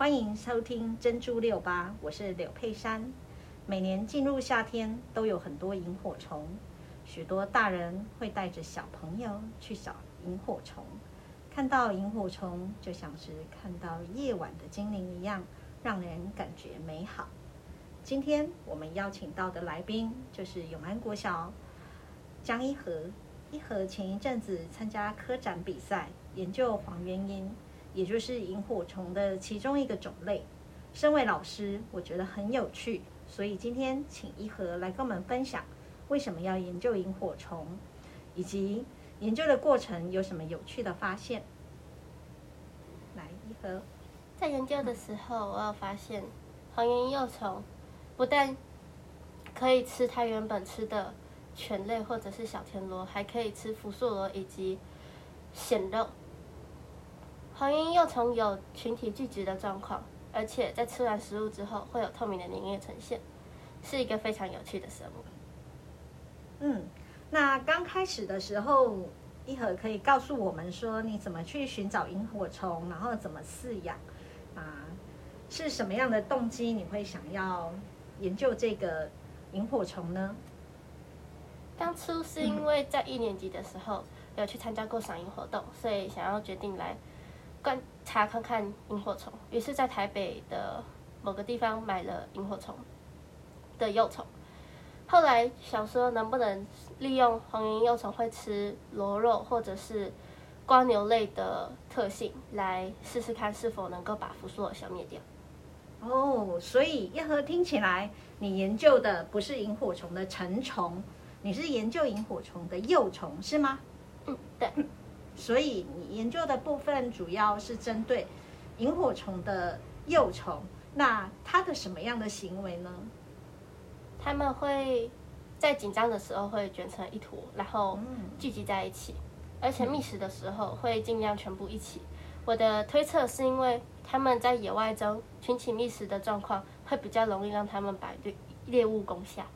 歡迎收聽《珍珠六八》，我是柳沛杉。每年進入夏天，都有很多螢火蟲，許多大人會帶着小朋友去找螢火蟲。看到螢火蟲，就像是看到夜晚的精靈一樣，讓人感覺美好。今天我們邀請到的來賓就是永安國小江一禾。一禾前一陣子參加科展比賽，研究黃緣螢。也就是螢火蟲的其中一個種類。身為老師，我覺得很有趣，所以今天請一禾來跟我們分享為什麼要研究螢火蟲，以及研究的過程有什麼有趣的發現。來，一禾，在研究的時候，我有發現黃緣幼蟲不但可以吃它原本吃的蜷類，或者是小田螺，還可以吃福壽螺以及蜆肉。黃緣螢幼蟲有群體聚集的狀況，而且在吃完食物之後會有透明的黏液呈現，是一個非常有趣的生物。嗯，那剛開始的時候，一禾可以告訴我們說你怎麼去尋找螢火蟲，然後怎麼飼養啊？是什麼樣的動機你會想要研究這個螢火蟲呢？嗯，當初是因為在一年級的時候有去參加過賞螢活動，所以想要決定來。觀察看看螢火蟲，於是，在台北的某個地方買了螢火蟲的幼蟲。後來，想說，能不能利用黃螢幼蟲會吃螺肉或者是蝸牛類的特性，來試試看是否能夠把福壽螺消滅掉？哦，所以一禾聽起來，你研究的不是螢火蟲的成蟲，你是研究螢火蟲的幼蟲，是嗎？嗯，對。所以你研究的部分主要是針對螢火蟲的幼蟲，那它的什麼樣的行為呢？它們會在緊張的時候會捲成一坨，然後聚集在一起，嗯、而且覓食的時候會盡量全部一起。嗯、我的推測是因為它們在野外中群起覓食的狀況會比較容易讓它們把對獵物攻下。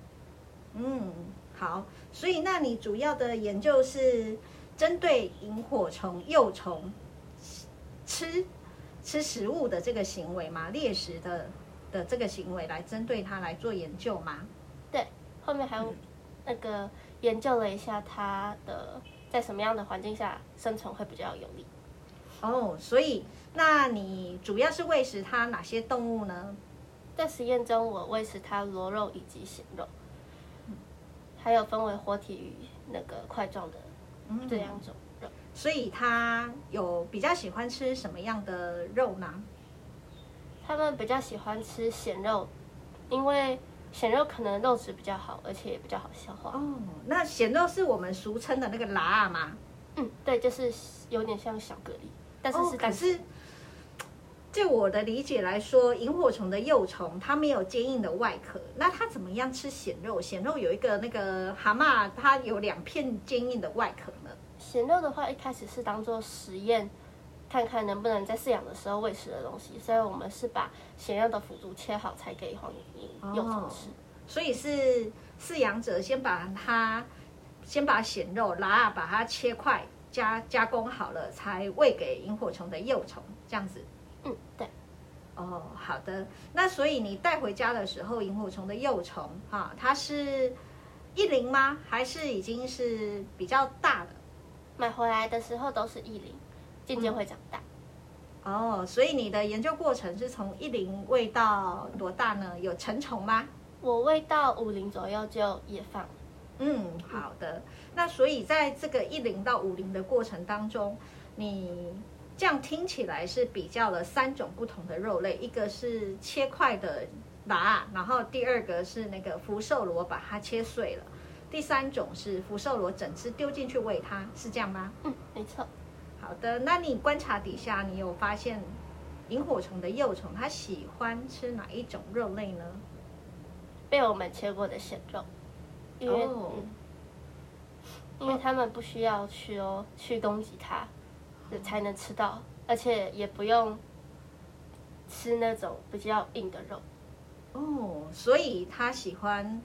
嗯，好，所以那你主要的研究是？針對螢火蟲幼蟲吃吃食物的這個行為嗎？獵食的的這個行為來針對它來做研究嗎？對，後面還有那個研究了一下它的在什麼樣的環境下生存會比較有利。哦，所以那你主要是餵食它哪些動物呢？在實驗中，我餵食它螺肉以及蜆肉，還有分為活體與那個塊狀的。這兩種肉，嗯，所以他有比較喜歡吃什麼樣的肉呢？他們比較喜歡吃鹹肉，因為鹹肉可能肉質比較好，而且也比較好消化。哦，那鹹肉是我們俗稱的那個拉、啊、嗎？嗯，對，就是有點像小蛤蜊，但是是，哦，是就我的理解來說，螢火蟲的幼蟲它沒有堅硬的外殼，那它怎麼樣吃鹹肉？鹹肉有一個那個蛤蟆，它有兩片堅硬的外殼呢。鹹肉的話，一開始是當做實驗，看看能不能在飼養的時候餵食的東西，所以我們是把鹹肉的腐竹切好才給黃緣螢幼蟲吃。哦，所以是飼養者先把它，先把鹹肉拿，把它切塊加加工好了，才餵給螢火蟲的幼蟲，這樣子。嗯，對。哦，好的。那所以你帶回家的時候，螢火蟲的幼蟲，啊，它是一齡嗎？還是已經是比較大的？買回來的時候都是一齡，漸漸會長大。嗯。哦，所以你的研究過程是從一齡餵到多大呢？有成蟲嗎？我餵到五齡左右就野放。嗯，好的。嗯、那所以在這個一齡到五齡的過程當中，你。這樣聽起來是比較了三種不同的肉類，一個是切塊的拿，然後第二個是那個福壽螺把它切碎了，第三種是福壽螺整隻丟進去餵它，是這樣嗎？嗯，沒錯。好的，那你觀察底下，你有發現螢火蟲的幼蟲它喜歡吃哪一種肉類呢？被我們切過的鮮肉，因為、哦嗯，因為他們不需要去哦，去攻擊它。才能吃到，而且也不用吃那種比較硬的肉。哦，所以他喜歡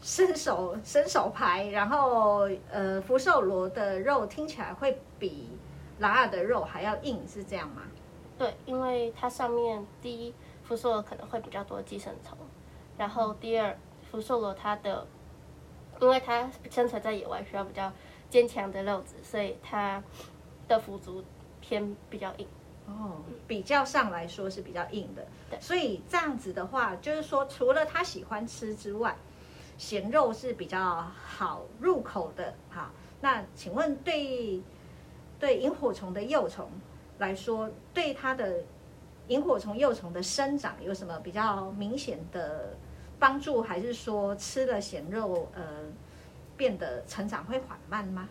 伸手伸手牌，然後呃，福壽螺的肉聽起來會比老二的肉還要硬，是這樣嗎？對，因為它上面第一，福壽螺可能會比較多寄生蟲，然後第二，福壽螺它的，因為它生存在野外需要比較堅強的肉質，所以它。的腹足偏比較硬哦，比較上來說是比較硬的。嗯、所以這樣子的話，就是說除了他喜歡吃之外，鹹肉是比較好入口的哈。那請問對對螢火蟲的幼蟲來說，對它的螢火蟲幼蟲的生長有什麼比較明顯的幫助，還是說吃了鹹肉呃變得成長會緩慢嗎？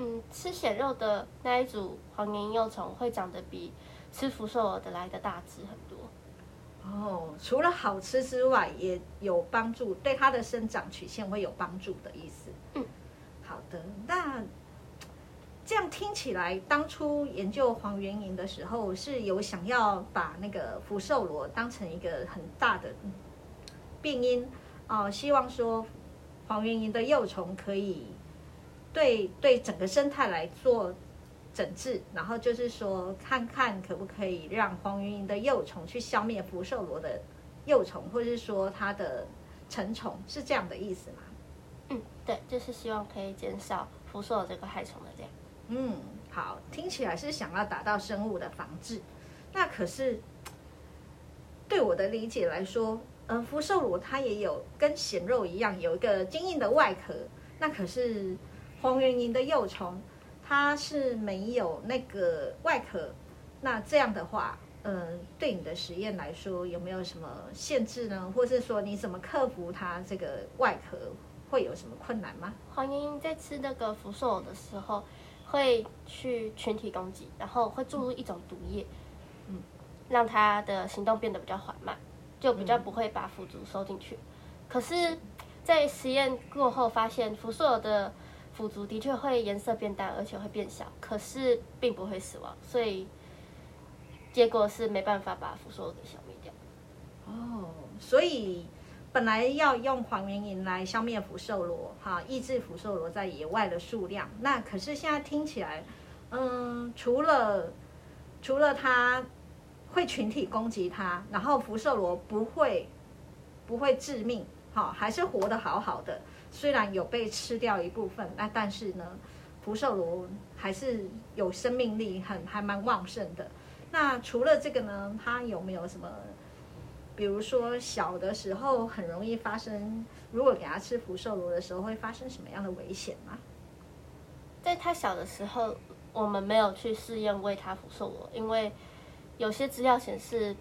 嗯，吃鹹肉的那一組黃緣螢幼蟲會長得比吃福壽螺的來的大隻很多。哦，除了好吃之外，也有幫助，對它的生長曲線會有幫助的意思。嗯，好的。那這樣聽起來，當初研究黃緣螢的時候，是有想要把那個福壽螺當成一個很大的病因哦、呃，希望說黃緣螢的幼蟲可以。對對，對整個生態來做整治，然後就是說，看看可不可以讓黃緣螢的幼蟲去消滅福壽螺的幼蟲，或者是說它的成蟲，是這樣的意思嗎？嗯，對，就是希望可以減少福壽螺這個害蟲的量。嗯，好，聽起來是想要達到生物的防治。那可是，對我的理解來說，嗯、呃，福壽螺它也有跟鹹肉一樣有一個堅硬的外殼，那可是。黃圓蠅的幼蟲，它是沒有那個外殼，那這樣的話，嗯、呃，對你的實驗來說有沒有什麼限制呢？或是說你怎麼克服它這個外殼？會有什麼困難嗎？黃緣螢在吃那個福壽螺的時候，會去群體攻擊，然後會注入一種毒液，嗯，讓它的行動變得比較緩慢，就比較不會把腹足收進去。嗯、可是，在實驗過後發現福壽螺的腐竹的確會顏色變淡，而且會變小，可是並不會死亡，所以結果是沒辦法把福壽螺給消滅掉。哦，所以本來要用黃緣螢來消滅福壽螺，哈，抑制福壽螺在野外的數量。那可是現在聽起來，嗯，除了除了它會群體攻擊它，然後福壽螺不會不會致命，好，還是活得好好的。雖然有被吃掉一部分，那但是呢，福壽螺還是有生命力，很還蠻旺盛的。那除了這個呢，它有沒有什麼，比如說小的時候很容易發生，如果給它吃福壽螺的時候會發生什麼樣的危險嗎？在它小的時候，我們沒有去試驗餵它福壽螺，因為有些資料顯示，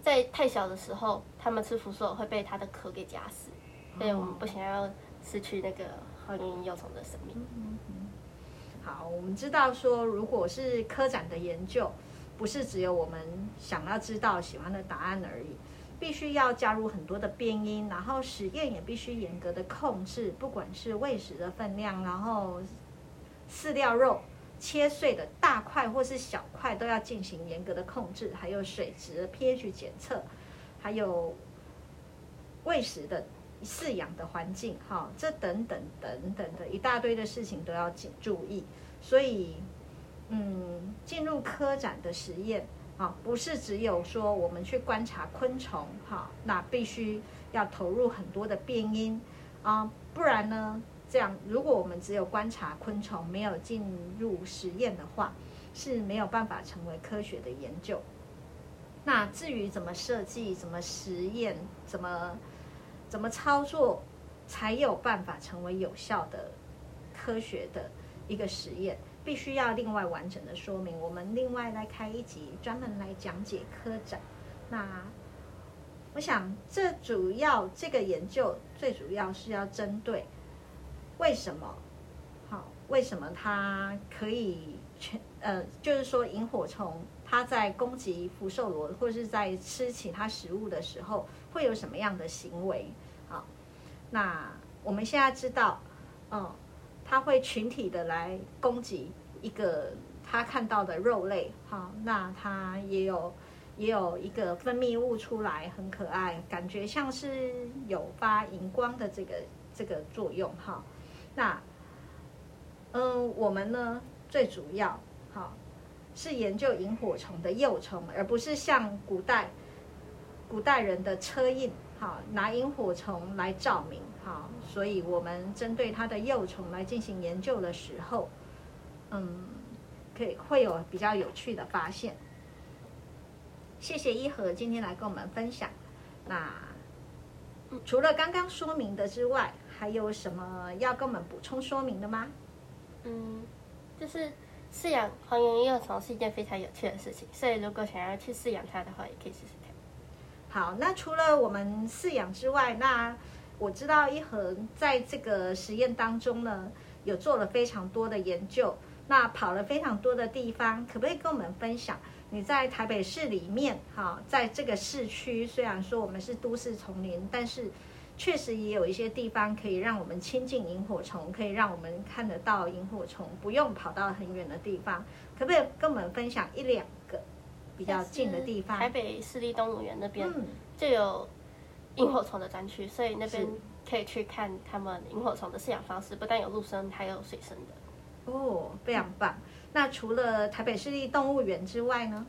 在太小的時候，它們吃福壽螺會被它的殼給夾死。所以我們不想要失去那個黃緣螢幼蟲的生命。嗯嗯嗯。好，我們知道說，如果是科展的研究，不是只有我們想要知道、喜歡的答案而已，必須要加入很多的變因，然後實驗也必須嚴格的控制，不管是餵食的分量，然後飼料肉切碎的大塊或是小塊都要進行嚴格的控制，還有水質的 pH 檢測，還有餵食的。飼養的環境，哈、哦，這等等等等的一大堆的事情都要請注意。所以，嗯，進入科展的實驗，啊、哦，不是只有說我們去觀察昆蟲，哈、哦，那必須要投入很多的變因啊，不然呢，這樣如果我們只有觀察昆蟲，沒有進入實驗的話，是沒有辦法成為科學的研究。那至於怎麼設計、怎麼實驗、怎麼。怎麼操作才有辦法成為有效的科學的一個實驗？必須要另外完整的說明。我們另外來開一集專門來講解科展。那我想，這主要這個研究最主要是要針對為什麼？好，為什麼它可以全？呃，就是說螢火蟲。他在攻擊福壽螺，或是在吃其他食物的時候，會有什麼樣的行為？好，那我們現在知道，哦、嗯，他會群體的來攻擊一個他看到的肉類。好，那它也有也有一個分泌物出來，很可愛，感覺像是有發熒光的這個這個作用。哈，那嗯，我們呢，最主要好。是研究螢火蟲的幼蟲，而不是像古代古代人的車胤，好，拿螢火蟲來照明，好，所以我們針對它的幼蟲來進行研究的時候，嗯，可以會有比較有趣的發現。謝謝一禾今天來跟我們分享。那除了剛剛說明的之外，還有什麼要跟我們補充說明的嗎？嗯，就是。飼養黃緣螢幼蟲是一件非常有趣的事情，所以如果想要去飼養它的話，也可以試試看。好，那除了我們飼養之外，那我知道一禾在這個實驗當中呢，有做了非常多的研究，那跑了非常多的地方，可不可以跟我們分享？你在台北市裡面，哈、哦，在這個市區，雖然說我們是都市叢林，但是。確實也有一些地方可以讓我們親近螢火蟲，可以讓我們看得到螢火蟲，不用跑到很遠的地方。可不可以跟我們分享一兩個比較近的地方？台北市立動物園那邊就有螢火蟲的展區，嗯、所以那邊可以去看他們螢火蟲的飼養方式，是不但有陸生，還有水生的。哦，非常棒。嗯、那除了台北市立動物園之外呢？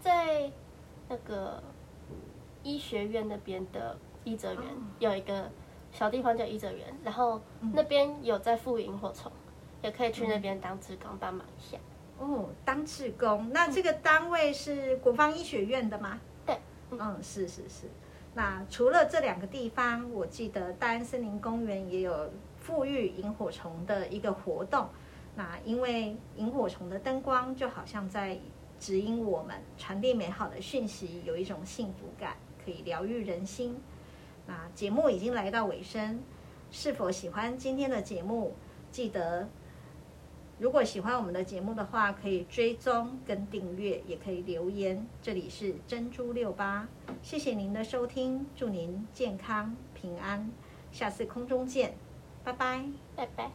在那個醫學院那邊的。一澤園有一個小地方叫一澤園，嗯、然後那邊有在復育螢火蟲，嗯、也可以去那邊當志工幫忙一下。哦、嗯，當志工。那這個單位是國防醫學院的嗎？嗯、對，嗯，是是是。那除了這兩個地方，我記得大安森林公園也有復育螢火蟲的一個活動。那因為螢火蟲的燈光就好像在指引我們，傳遞美好的訊息，有一種幸福感，可以療癒人心。那節目已經來到尾聲，是否喜歡今天的節目？記得，如果喜歡我們的節目的話，可以追蹤跟訂閱，也可以留言。這裡是珍珠六八，謝謝您的收聽，祝您健康平安，下次空中見，拜拜，拜拜。